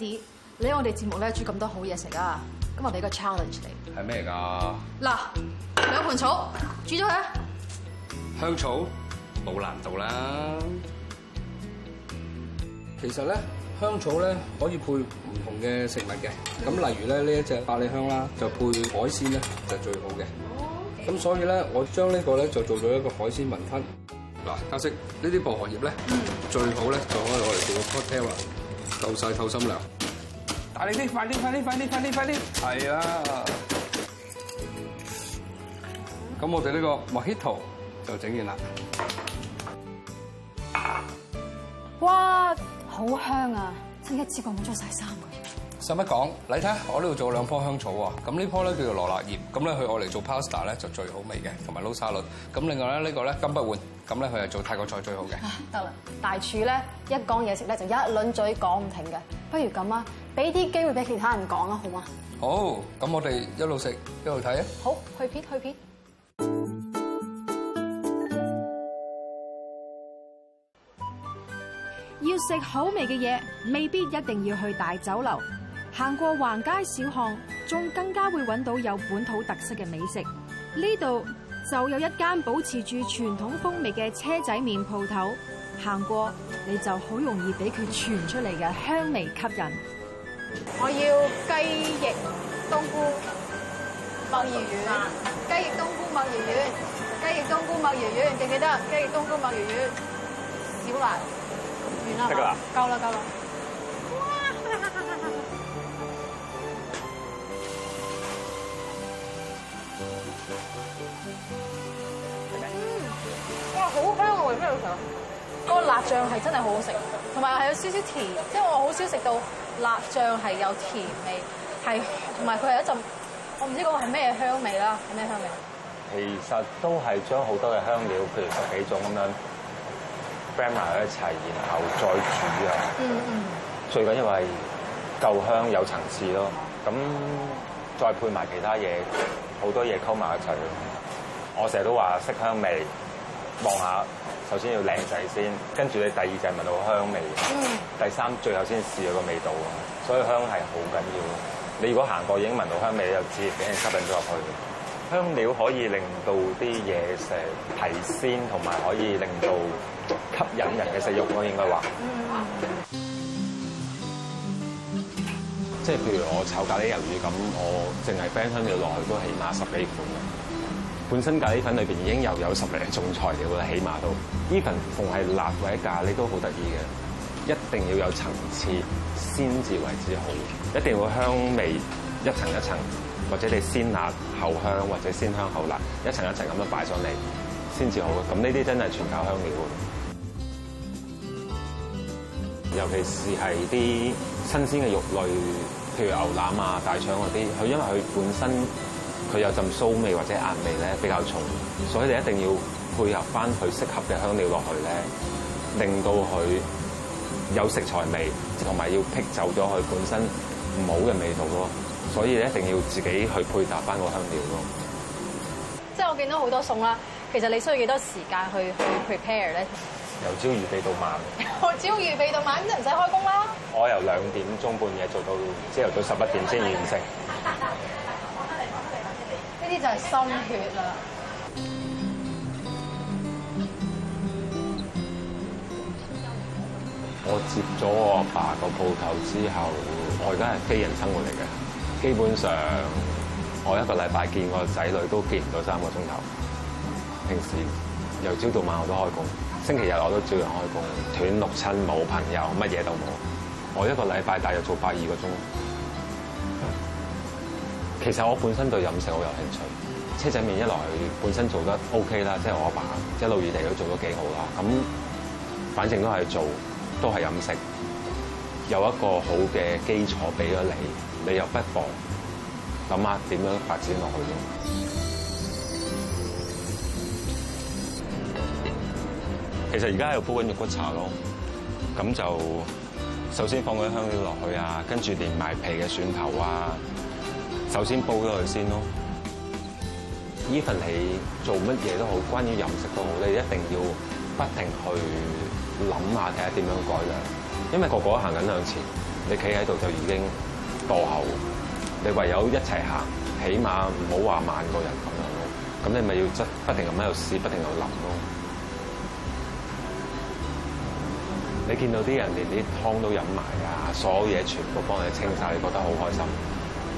Andy, 你喺我哋節目咧煮咁多好嘢食啊！咁我俾你一個 challenge 嚟，係咩噶？嗱，兩盤草煮咗佢，香草冇難度啦。其實咧，香草咧可以配唔同嘅食物嘅。咁、嗯、例如咧呢一隻百里香啦，就配海鮮咧就最好嘅。咁所以咧，我將呢個咧就做咗一個海鮮雲吞。嗱，加息呢啲薄荷葉咧、嗯、最好咧就可以攞嚟做個 cocktail。夠曬透心涼，大力啲，快啲，快啲，快啲，快啲，快啲，係啊！咁我哋呢個莫希圖就整完啦。哇，好香啊！真一次過滿足曬三個。使乜講？你睇下，我呢度做兩樖香草啊。咁呢樖咧叫做羅勒葉，咁咧去我嚟做 pasta 咧就最好味嘅，同埋撈沙律。咁另外咧呢個咧金不換。咁咧，佢係做泰國菜最好嘅。得啦，大廚咧，一講嘢食咧就一輪嘴講唔停嘅。不如咁啊，俾啲機會俾其他人講啦，好嗎？好，咁我哋一路食一路睇啊。好，去片去片。要食好味嘅嘢，未必一定要去大酒樓。行過橫街小巷，仲更加會揾到有本土特色嘅美食。呢度，就有一間保持住傳統風味嘅車仔麵鋪頭行過你就好容易俾佢傳出嚟嘅香味吸引。我要雞翼、冬菇、墨魚丸、雞翼冬菇墨魚丸、雞翼冬菇墨魚丸，記唔記得？雞翼冬菇墨魚丸記唔記得雞翼冬菇墨魚丸少辣，完啦，夠啦，夠啦。夠了。嗯，哇，好香啊！我而家好想嗰個辣醬係真係好好食，同埋係有少少甜，即係我好少食到辣醬係有甜味，係同埋佢係一陣，我唔知嗰個係咩香味啦，係咩香味？是香味其實都係將好多嘅香料，譬如十幾種咁樣攪埋一齊，然後再煮啊。嗯，嗯，最緊要係夠香有層次咯，咁再配埋其他嘢。好多嘢溝埋一齊咯！我成日都話色香味望下，首先要靚仔先，跟住你第二就係聞到香味，第三最後先試咗個味道。所以香係好緊要。你如果行過已經聞到香味，你就接俾人吸引咗入去。香料可以令到啲嘢成提鮮，同埋可以令到吸引人嘅食慾咯。我應該話。即係譬如我炒咖喱魷魚咁，我淨係擺香料落去都起碼十幾款。本身咖喱粉裏邊已經又有十零種材料啦，起碼都呢份逢係辣或者咖喱都好得意嘅，一定要有層次先至為之好。一定要香味一層一層，或者你先辣後香，或者先香後辣，一層一層咁樣擺上嚟先至好。咁呢啲真係全靠香料。尤其是係啲新鮮嘅肉類。譬如牛腩啊、大腸嗰啲，佢因為佢本身佢有陣臊味或者壓味咧比較重，所以你一定要配合翻佢適合嘅香料落去咧，令到佢有食材味，同埋要辟走咗佢本身唔好嘅味道咯。所以你一定要自己去配搭翻個香料咯。即係我見到好多餸啦，其實你需要幾多時間去去 prepare 咧？由朝預備到晚。由朝預備到晚，咁真係唔使開工啦。我由兩點鐘半夜做到朝頭早十一點先完成，呢啲就係心血啦。我接咗我阿爸個鋪頭之後，我而家係非人生活嚟嘅。基本上，我一個禮拜見個仔女都見唔到三個鐘頭。平時由朝到晚我都開工，星期日我都照樣開工短，斷六親冇朋友，乜嘢都冇。我一個禮拜大約做百二個鐘，其實我本身對飲食好有興趣。車子麵，車仔麵一來本身做得 OK 啦，即係我阿爸，爸一路以嚟都做咗幾好啦。咁反正都係做，都係飲食，有一個好嘅基礎俾咗你，你又不妨，諗下點樣發展落去咯。其實而家又煲緊肉骨茶咯。咁就首先放咗香料落去啊，跟住連埋皮嘅蒜頭啊，首先煲咗佢先咯。依份你做乜嘢都好，關於飲食都好，你一定要不停去諗下睇下點樣改良，因為個個行緊向前，你企喺度就已經墮後，你唯有一齊行，起碼唔好話慢過人咁樣咯。咁你咪要不停咁喺度試，不停咁諗咯。你見到啲人連啲湯都飲埋啊！所有嘢全部幫你清晒，你覺得好開心。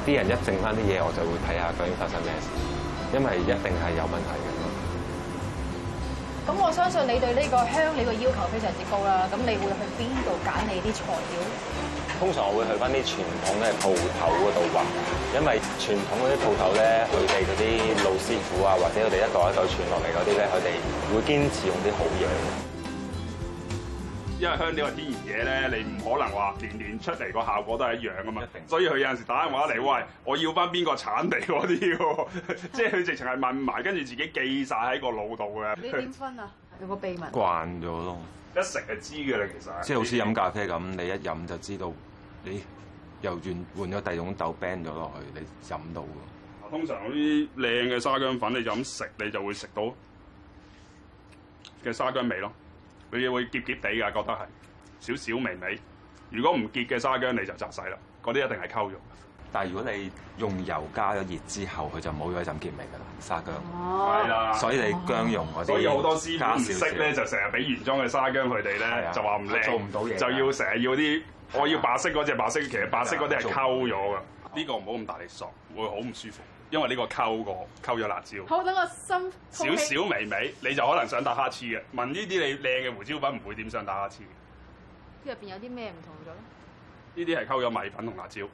啲人一剩翻啲嘢，我就會睇下究竟發生咩事，因為一定係有問題嘅。咁我相信你對呢個香，你個要求非常之高啦。咁你會去邊度揀你啲材料？通常我會去翻啲傳統嘅鋪頭嗰度吧，因為傳統嗰啲鋪頭咧，佢哋嗰啲老師傅啊，或者佢哋一代一代傳落嚟嗰啲咧，佢哋會堅持用啲好嘢。因為香料係天然嘢咧，你唔可能話年年出嚟個效果都係一樣啊嘛，所以佢有陣時打電話嚟，喂，我要翻邊個產地嗰啲喎，即係佢直情係問埋，跟住自己記晒喺個腦度嘅。你點分啊？有個秘密。慣咗咯，一食就知㗎啦，其實。即係好似飲咖啡咁，你一飲就知道，你又轉換咗第二種豆，ban 咗落去，你飲到。通常嗰啲靚嘅沙薑粉，你就咁食，你就會食到嘅沙薑味咯。你會結結地㗎，覺得係少少微微。如果唔結嘅沙薑，你就擸洗啦。嗰啲一定係溝肉。但係如果你用油加咗熱之後，佢就冇咗一浸結味㗎啦，沙薑。哦、啊。係啦，所以你薑蓉嗰啲。所以好多師傅唔識咧，就成日俾原裝嘅沙薑佢哋咧，啊、就話唔靚，做唔到嘢，就要成日要啲我要白色嗰隻白色，是啊、其實白色嗰啲係溝咗㗎。呢、啊、個唔好咁大力嗦，會好唔舒服。因為呢個溝過溝咗辣椒。好，等我心少少微微，你就可能想打乞嗤嘅。聞呢啲你靚嘅胡椒粉唔會點想打乞嗤。啲入邊有啲咩唔同咗？呢啲係溝咗米粉同辣椒。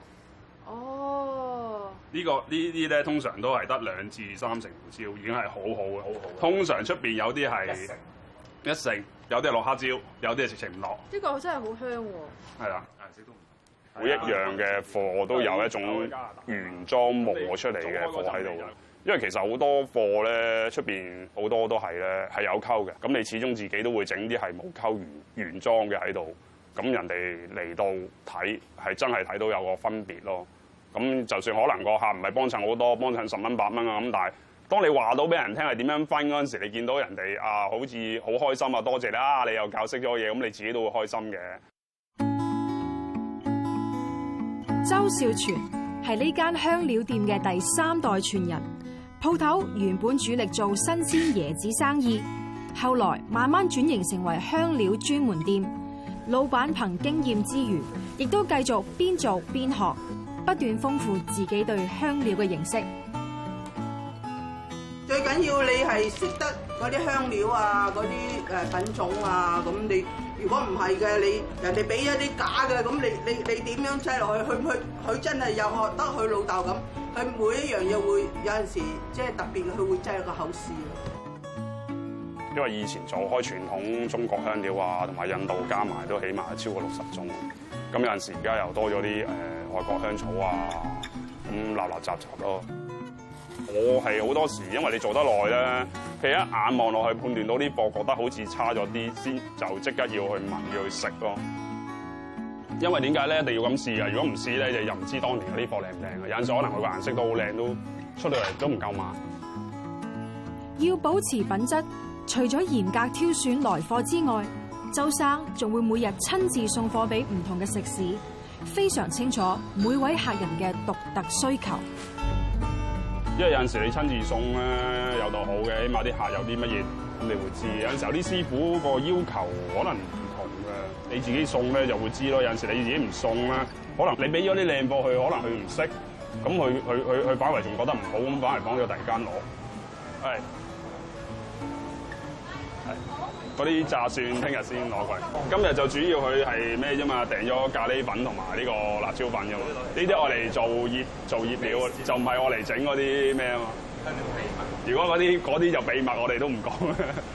哦。這個、這些呢個呢啲咧，通常都係得兩至三成胡椒，已經係好好嘅。好好。好好，通常出邊有啲係一成，有啲係落黑椒，有啲係食情唔落。呢個真係好香喎、啊。係啦，係都。每一樣嘅貨都有一種原裝磨出嚟嘅貨喺度，因為其實好多貨咧出面好多都係咧係有溝嘅，咁你始終自己都會整啲係冇溝原原裝嘅喺度，咁人哋嚟到睇係真係睇到有個分別咯。咁就算可能個客唔係幫襯好多，幫襯十蚊八蚊啊，咁但係當你話到俾人聽係點樣分嗰陣時，你見到人哋啊好似好開心啊，多謝啦、啊，你又教識咗嘢，咁你自己都會開心嘅。周少全係呢間香料店嘅第三代傳人，鋪頭原本主力做新鮮椰子生意，後來慢慢轉型成為香料專門店。老闆憑經驗之餘，亦都繼續邊做邊學，不斷豐富自己對香料嘅認識。最緊要是你係識得嗰啲香料啊，嗰啲誒品種啊，咁你。如果唔係嘅，你人哋俾咗啲假嘅，咁你你你點樣擠落去？佢佢佢真係又學得佢老豆咁，佢每一樣嘢會有陣時即係特別，佢會擠一個口試。因為以前做開傳統中國香料啊，同埋印度加埋都起碼超過六十種，咁有陣時而家又多咗啲誒外國香草啊，咁垃垃雜雜咯。我係好多時，因為你做得耐咧。其實一眼望落去，判斷到啲貨覺得好似差咗啲，先就即刻要去聞要去食咯。因為點解咧？你要咁試啊！如果唔試咧，就又唔知當年嗰啲貨靚唔靚啊！有陣時可能佢個顏色都好靚，都出到嚟都唔夠賣。要保持品質，除咗嚴格挑選來貨之外，周生仲會每日親自送貨俾唔同嘅食肆，非常清楚每位客人嘅獨特需求。因為有陣時你親自送咧，有度好嘅，起碼啲客有啲乜嘢，咁你會知。有陣時候啲師傅個要求可能唔同嘅，你自己送咧就會知咯。有陣時你自己唔送咧，可能你俾咗啲靚貨佢，可能佢唔識，咁佢佢佢佢反為仲覺得唔好，咁反為講咗第二間攞。係。嗰啲炸蒜聽日先攞過嚟，今日就主要佢係咩啫嘛？訂咗咖喱粉同埋呢個辣椒粉嘛，呢啲我嚟做醃做醃料，就唔係我嚟整嗰啲咩啊嘛。如果嗰啲嗰啲就秘密，我哋都唔講，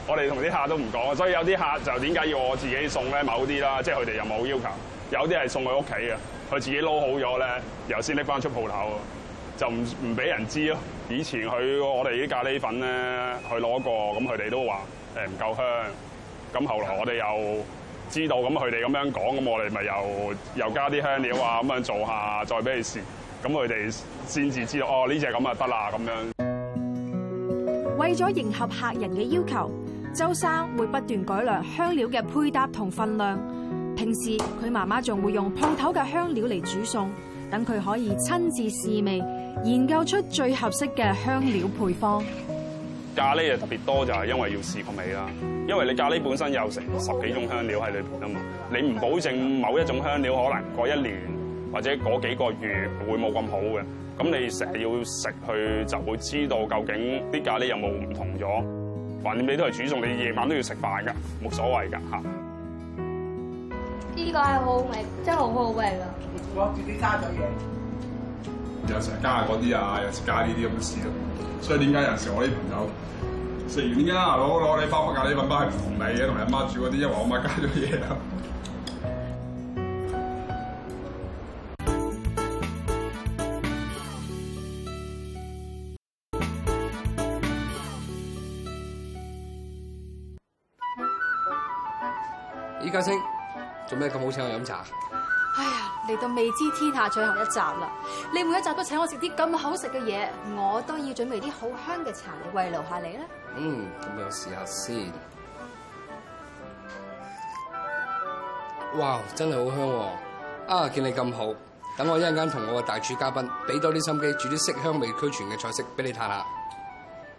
我哋同啲客都唔講，所以有啲客就點解要我自己送咧？某啲啦，即係佢哋又冇要求有，有啲係送去屋企嘅，佢自己撈好咗咧，又先拎翻出鋪頭，就唔唔俾人知咯。以前佢我哋啲咖喱粉咧，佢攞過，咁佢哋都話誒唔夠香。咁後來我哋又知道咁佢哋咁樣講，咁我哋咪又又加啲香料啊咁樣做下，再俾你試。咁佢哋先至知道哦，呢隻咁啊得啦咁樣。為咗迎合客人嘅要求，周生會不斷改良香料嘅配搭同分量。平時佢媽媽仲會用鋪頭嘅香料嚟煮餸，等佢可以親自試味，研究出最合適嘅香料配方。咖喱又特別多就係因為要試個味啦，因為你咖喱本身有成十幾種香料喺裏邊啊嘛，你唔保證某一種香料可能過一年或者嗰幾個月會冇咁好嘅，咁你成日要食去就會知道究竟啲咖喱有冇唔同咗。橫掂你都係煮餸，你夜晚都要食飯噶，冇所謂噶嚇。呢個係好味，真係好好味㗎。我自己加咗嘢。有時加下嗰啲啊，有時加呢啲咁嘅事咯。所以點解有時我啲朋友食完，點解阿老攞你返屋企，你份包係唔同味嘅，同阿媽，媽煮嗰啲，因為我媽加咗嘢啦。依家星做咩咁好請我飲茶？哎呀！嚟到未知天下最後一集啦！你每一集都請我食啲咁好食嘅嘢，我都要準備啲好香嘅茶嚟慰勞下你啦。嗯，咁我試下先。哇，真係好香啊！啊見你咁好，等我一陣間同我嘅大廚嘉賓俾多啲心機，煮啲色香味俱全嘅菜式俾你嘆下。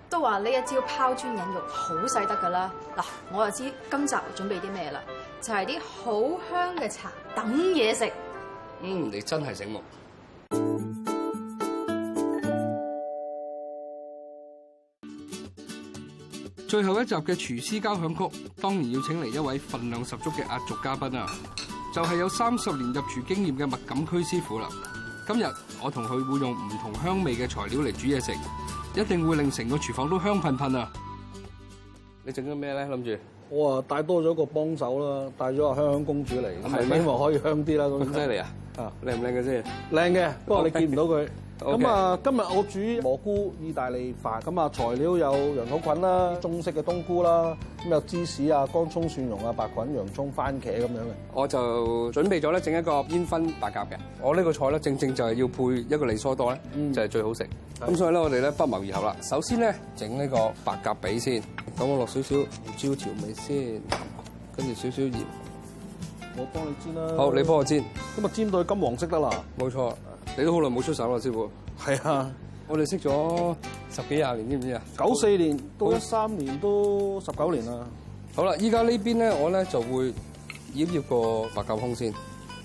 都話呢一招拋磚引肉好使得噶啦。嗱，我就知今集準備啲咩啦？就係啲好香嘅茶等嘢食。嗯，你真係醒目。最後一集嘅廚師交響曲，當然要請嚟一位份量十足嘅壓軸嘉賓啊！就係、是、有三十年入廚經驗嘅麥錦區師傅啦。今日我同佢會用唔同香味嘅材料嚟煮嘢食，一定會令成個廚房都香噴噴啊！你整咗咩咧？諗住，我啊帶多咗個幫手啦，帶咗阿香香公主嚟，希望可以香啲啦。咁犀利啊！啊，靚唔靚嘅先？靚嘅，不過你見唔到佢。咁啊 Okay. Okay.，今日我煮蘑菇意大利飯，咁啊材料有羊肚菌啦、中式嘅冬菇啦，咁有芝士啊、乾葱蒜蓉啊、白菌、洋葱、番茄咁樣嘅。我就準備咗咧整一個煙燻白鴿嘅。我呢個菜咧正正就係要配一個利蘇多咧，就係、是、最好食。咁、嗯、所以咧我哋咧不謀而合啦。首先咧整呢一個白鴿髀先，咁我落少少胡椒調味先，跟住少少鹽。我幫你煎啦。好，你幫我煎。咁啊，煎到金黃色得啦。冇錯，你都好耐冇出手啦，師傅。係啊，我哋識咗十幾廿年，知唔知啊？九四年到一三年，都十九年啦。好啦，依家呢邊咧，我咧就會醃醃個白鴿胸先。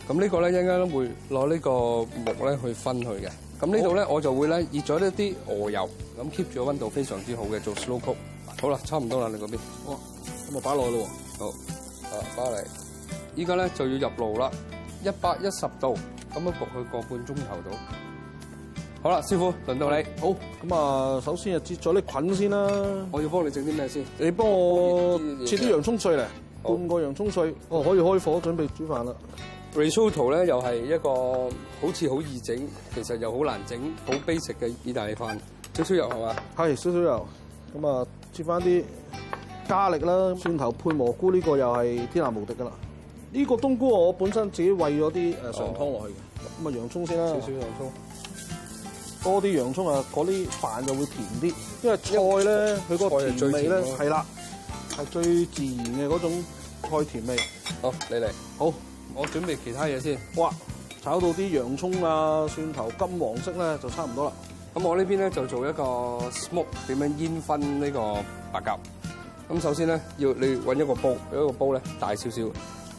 咁呢個咧，陣間都會攞呢個木咧去分佢嘅。咁呢度咧，我就會咧熱咗一啲鵝油，咁 keep 住個溫度非常之好嘅做 slow cook。好啦，差唔多啦，你嗰邊。哇，咁啊，擺落啦喎。好，啊，擺嚟。依家咧就要入爐啦，一百一十度，咁樣焗佢個半鐘頭度。好啦，師傅，輪到你。好，咁啊，首先就切咗啲菌先啦。我要幫你整啲咩先？你幫我切啲洋葱碎嚟，好半個洋葱碎。好哦，可以開火準備煮飯啦。Risotto 咧又係一個好似好易整，其實又好難整，好 basic 嘅意大利飯。少少油係嘛？係少少油。咁啊，切翻啲加力啦，蒜頭配蘑菇呢個又係天下無敵噶啦。呢個冬菇我本身自己餵咗啲誒上湯落去嘅，咁啊洋葱先啦，少少洋葱，多啲洋葱啊，嗰啲飯就會甜啲，因為菜咧佢個甜味咧係啦，係最自然嘅嗰種菜甜味。好，你嚟，好，我準備其他嘢先。哇，炒到啲洋葱啊蒜頭金黃色咧就差唔多啦。咁我這邊呢邊咧就做一個 smoke，點樣煙燻呢個白鴿。咁首先咧要你揾一個煲，要一個煲咧大少少。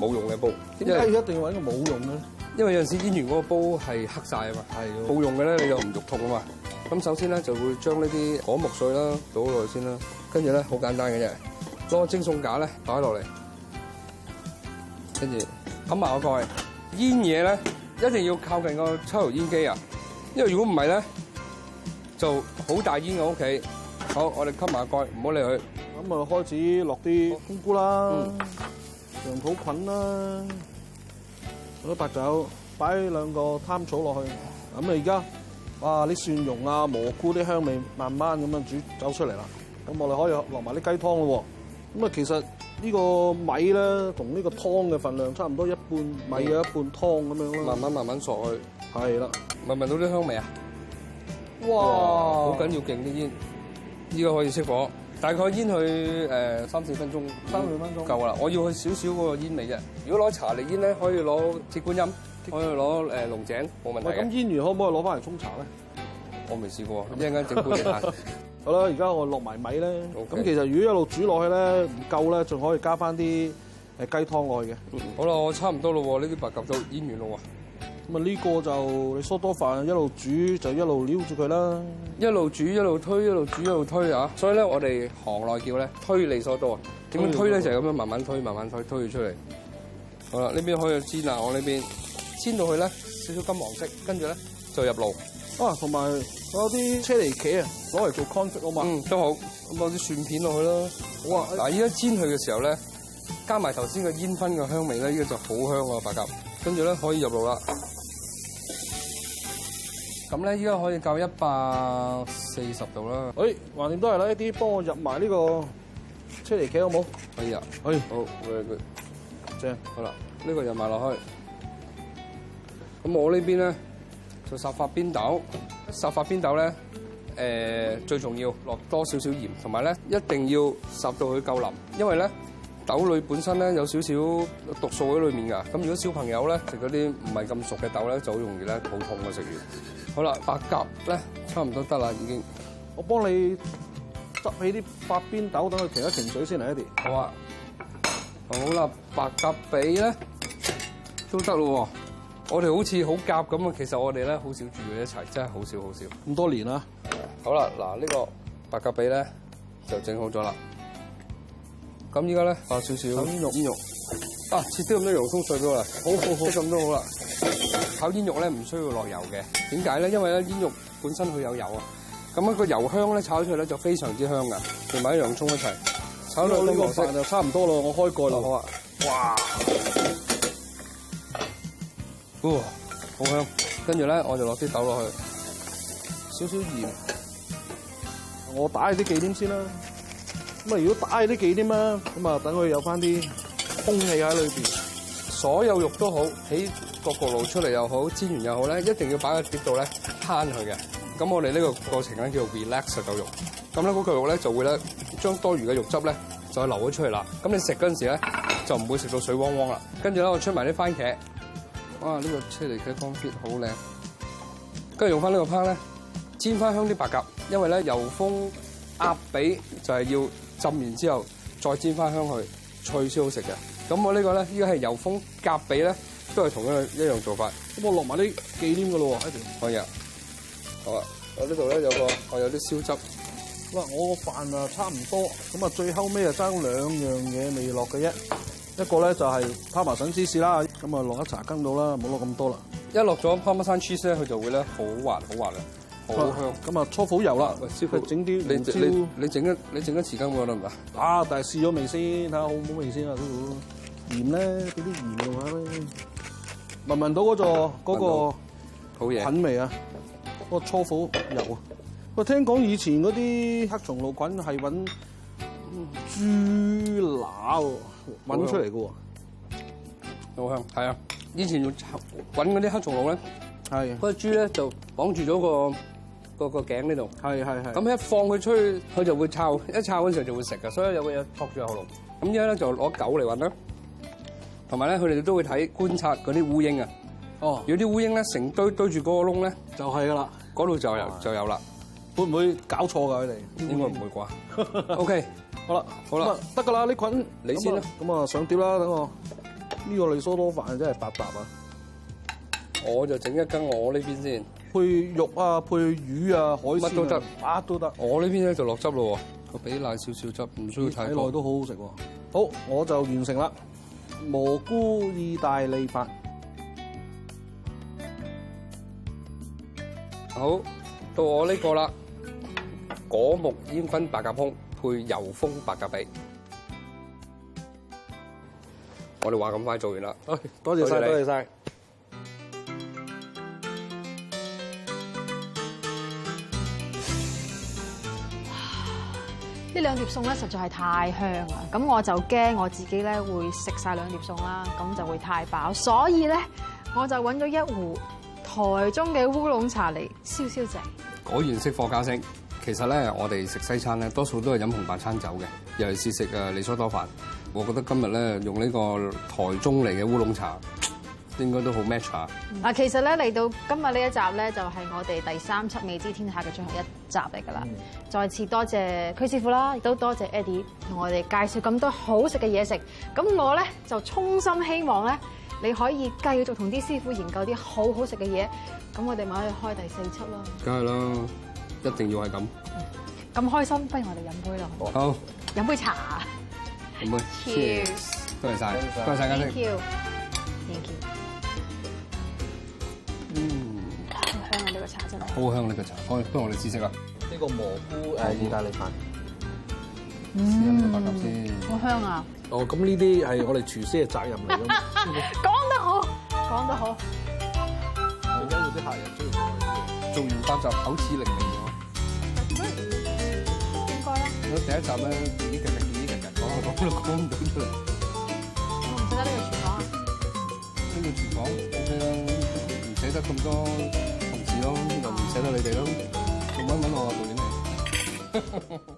冇用嘅煲，點解要一定要揾個冇用嘅咧？因為有陣時煙完嗰個煲係黑晒啊嘛，冇用嘅咧你就唔肉痛啊嘛。咁首先咧就會將呢啲果木碎啦倒落去先啦，跟住咧好簡單嘅啫，攞個蒸餸架咧擺落嚟，跟住冚埋個蓋。煙嘢咧一定要靠近個抽油煙機啊，因為如果唔係咧就好大煙嘅屋企。好，我哋冚埋個蓋，唔好理佢。咁啊開始落啲冬菇啦。羊肚菌啦，嗰啲白酒、擺兩個貪草落去，咁啊而家，哇啲蒜蓉啊、蘑菇啲香味慢慢咁樣煮走出嚟啦，咁我哋可以落埋啲雞湯咯，咁啊其實呢個米咧同呢個湯嘅份量差唔多，一半米啊、嗯、一半湯咁樣咯。慢慢慢慢嗦去，係啦的，聞唔聞到啲香味啊？哇，好緊要勁啲煙，依家，可以熄火。大概煙佢誒三四分鐘，三四分鐘夠啦。我要少少嗰個煙味啫。如果攞茶嚟煙咧，可以攞鐵觀音，可以攞誒龍井，冇問題。咁煙完可唔可以攞翻嚟沖茶咧？我未試過，咁一陣間整觀你下。 好啦，而家我落埋米咧。咁 Okay. 其實如果一路煮落去咧，唔夠咧，仲可以加翻啲誒雞湯落去嘅。好啦，我差唔多喇喎，呢啲白鴿都煙完啦喎。咁啊！呢個就你嗦多飯一路煮，就一路撩住佢啦。一路煮一路推，一路煮一路推啊！所以咧，我哋行內叫咧推理所當然。點樣推咧？就係咁樣慢慢推，慢慢推，推佢出嚟。好啦，呢邊可以煎啦。我呢邊煎到佢咧，少少金黃色，跟住咧就入爐。哇同埋攞啲車厘茄啊，攞嚟做 confit 啊嘛，嗯，都好。咁攞啲蒜片落去啦。好啊。嗱，啊，依家煎佢嘅時候咧，加埋頭先嘅煙燻嘅香味咧，呢個就好香啊！白鴿跟住咧可以入爐啦。咁咧，依家可以較一百四十度啦。誒，橫掂都係啦，爹哋幫我入埋呢個車釐茄好冇？可以啊。可以。誒，好，喂佢，正好啦，呢個入埋落去。咁我呢邊咧就剎法邊豆，剎法邊豆咧誒最重要落多少少鹽，同埋咧一定要剎到佢夠腍，因為咧豆類本身咧有少少毒素喺裡面㗎。咁如果小朋友咧食嗰啲唔係咁熟嘅豆咧，就好容易咧肚痛呀食完。好啦，白鴿咧，差唔多得啦，已經。我幫你執起啲白邊豆，等佢停一停水先嚟，一啲。好啊，好啦，白鴿髀咧都得咯。我哋好似好夾咁啊，其實我哋咧好少住喺一齊，真係好少好少。咁多年啦。好啦，嗱、這、呢個白鴿髀咧就整好咗啦。咁依家咧，放少少。咁肉，咁肉。啊，切啲咁多油葱碎俾我啦，好好好，咁都好啦。好一炒煙肉咧唔需要落油嘅，點解咧？因為咧煙肉本身佢有油啊，咁啊個油香咧炒出嚟咧就非常之香噶同埋洋葱一齊炒到呢個黃色就差唔多咯，我開蓋啦、哦、好啊！哇，哇、哦，好香！跟住咧我就落啲豆落去，少少鹽，我打你啲忌廉先啦。咁啊如果打你啲忌廉啦，咁啊等佢有翻啲空氣喺裏邊，所有肉都好起。個焗爐出嚟又好，煎完又好咧，一定要擺個碟度咧攤佢嘅。咁我哋呢個過程咧叫 relax 嘅肉，咁咧嗰個肉咧就會咧將多餘嘅肉汁咧就流咗出嚟啦。咁你食嗰陣時咧就唔會食到水汪汪啦。跟住咧我出埋啲番茄，哇！呢個出嚟嘅光鮮好靚。跟住用翻呢個 pan 咧煎翻香啲白鴿，因為咧油封鴨髀就係要浸完之後再煎翻香佢脆先好食嘅。咁我呢個咧依家係油封鴿髀咧。都係同一一樣做法，咁我落埋啲忌廉噶咯喎，一條放入，係我呢度咧有個我、啊、有啲燒汁，咁、啊、我個飯啊差唔多，咁啊最後尾啊爭兩樣嘢未落嘅啫，一個咧就係帕馬森芝士啦，咁啊落一茶羹到啦，唔好落咁多啦。一落咗帕馬森芝士咧，佢就會咧好滑好滑嘅，好香。咁啊初好油啦、啊，師傅整啲你你整一你整一匙羹嘅啦，得唔得啊，但係試咗味先，睇下好唔好味先啊，師傅。鹽咧，俾啲鹽嘅話啦。聞唔聞到嗰座嗰個菌厲害 味啊？嗰個初火油啊！我聽講以前嗰啲黑松露菌係揾豬乸揾到出嚟嘅喎，好香。係是啊，以前要摳揾嗰啲黑松露咧，係嗰是、啊、個豬咧就綁住咗個個頸頸呢度。係係係。咁一放佢出去，佢就會摳，一摳嗰陣時候就會食嘅，所以有嘢託住喉嚨。咁而家咧就攞狗嚟揾啦。同埋咧，佢哋都會睇觀察嗰啲烏蠅啊。哦！如果啲烏蠅咧成堆堆住嗰個窿咧，就係噶啦，嗰度就有就有啦。會唔會搞錯噶佢哋？應該唔會啩。OK，好啦，好啦，得噶啦，呢羣你先啦。咁啊，上碟啦，等我。呢個嚟梳多飯真係發達啊！我就整一斤我呢邊先，配肉啊，配魚啊，海鮮乜都得，乜都得。我呢邊咧就落汁咯喎，個比例少少汁，唔需要太多。睇耐都好好食喎。好，我就完成啦。蘑菇意大利飯，好到我呢個啦。果木煙燻白鴿胸配油封白鴿髀。 我哋話咁快做完啦。多謝晒，多謝晒。呢兩碟餸咧，實在係太香啊！咁我就驚我自己咧會食晒兩碟餸啦，咁就會太飽。所以咧，我就揾咗一壺台中嘅烏龍茶嚟消消滯。燒燒正，果然識貨家式，其實咧我哋食西餐咧多數都係飲紅白餐酒嘅，尤其是食誒利索多飯。我覺得今日咧用呢個台中嚟嘅烏龍茶。應該都好 match 啊！其實咧嚟到今日呢一集咧，就係我哋第三輯《未知天下》嘅最後一集嚟㗎啦。再次多謝區師傅啦，亦都多謝 Eddie 同我哋介紹咁多好食嘅嘢食。咁我咧就衷心希望咧，你可以繼續同啲師傅研究啲好好食嘅嘢。咁我哋咪可以開第四輯咯。梗係啦，一定要係咁、嗯。咁開心，不如我哋飲杯啦。好，好，飲杯茶。飲杯。Cheers！多謝晒，多謝晒。Thank you, thank you. 好香呢、呢個茶，可以不如我哋試食啦。呢個蘑菇誒菇蘑菇 意大利飯、嗯，試飲啲白汁先。好香啊！哦，咁呢啲係我哋廚師嘅責任嚟嘅。講得好，講得好。最緊要啲客人中意我哋。做完白汁，口齒伶俐咗。點解？我第一站咧，已經講講唔到出嚟。咁唔捨得呢個廚房啊？呢個廚房，廚房 OK 啦，唔捨得咁多。咯，就唔捨得你哋咯，做乜揾我阿妹呢？